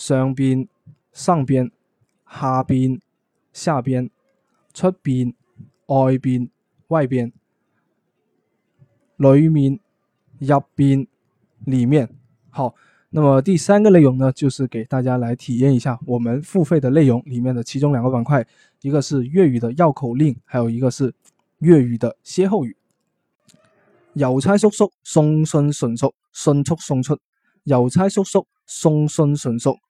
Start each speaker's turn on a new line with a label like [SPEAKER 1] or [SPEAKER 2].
[SPEAKER 1] 上邊、上邊、下邊、下邊、出邊、外邊、外邊、裏面入邊、裏面。好，那麼第三個內容呢，就是給大家來體驗一下我們付費的內容裏面的其中兩個板塊，一個是粵語的繞口令，還有一個是粵語的歇後語。郵差叔叔送信純熟，迅速送出。郵差叔叔送信純熟。松蓄松蓄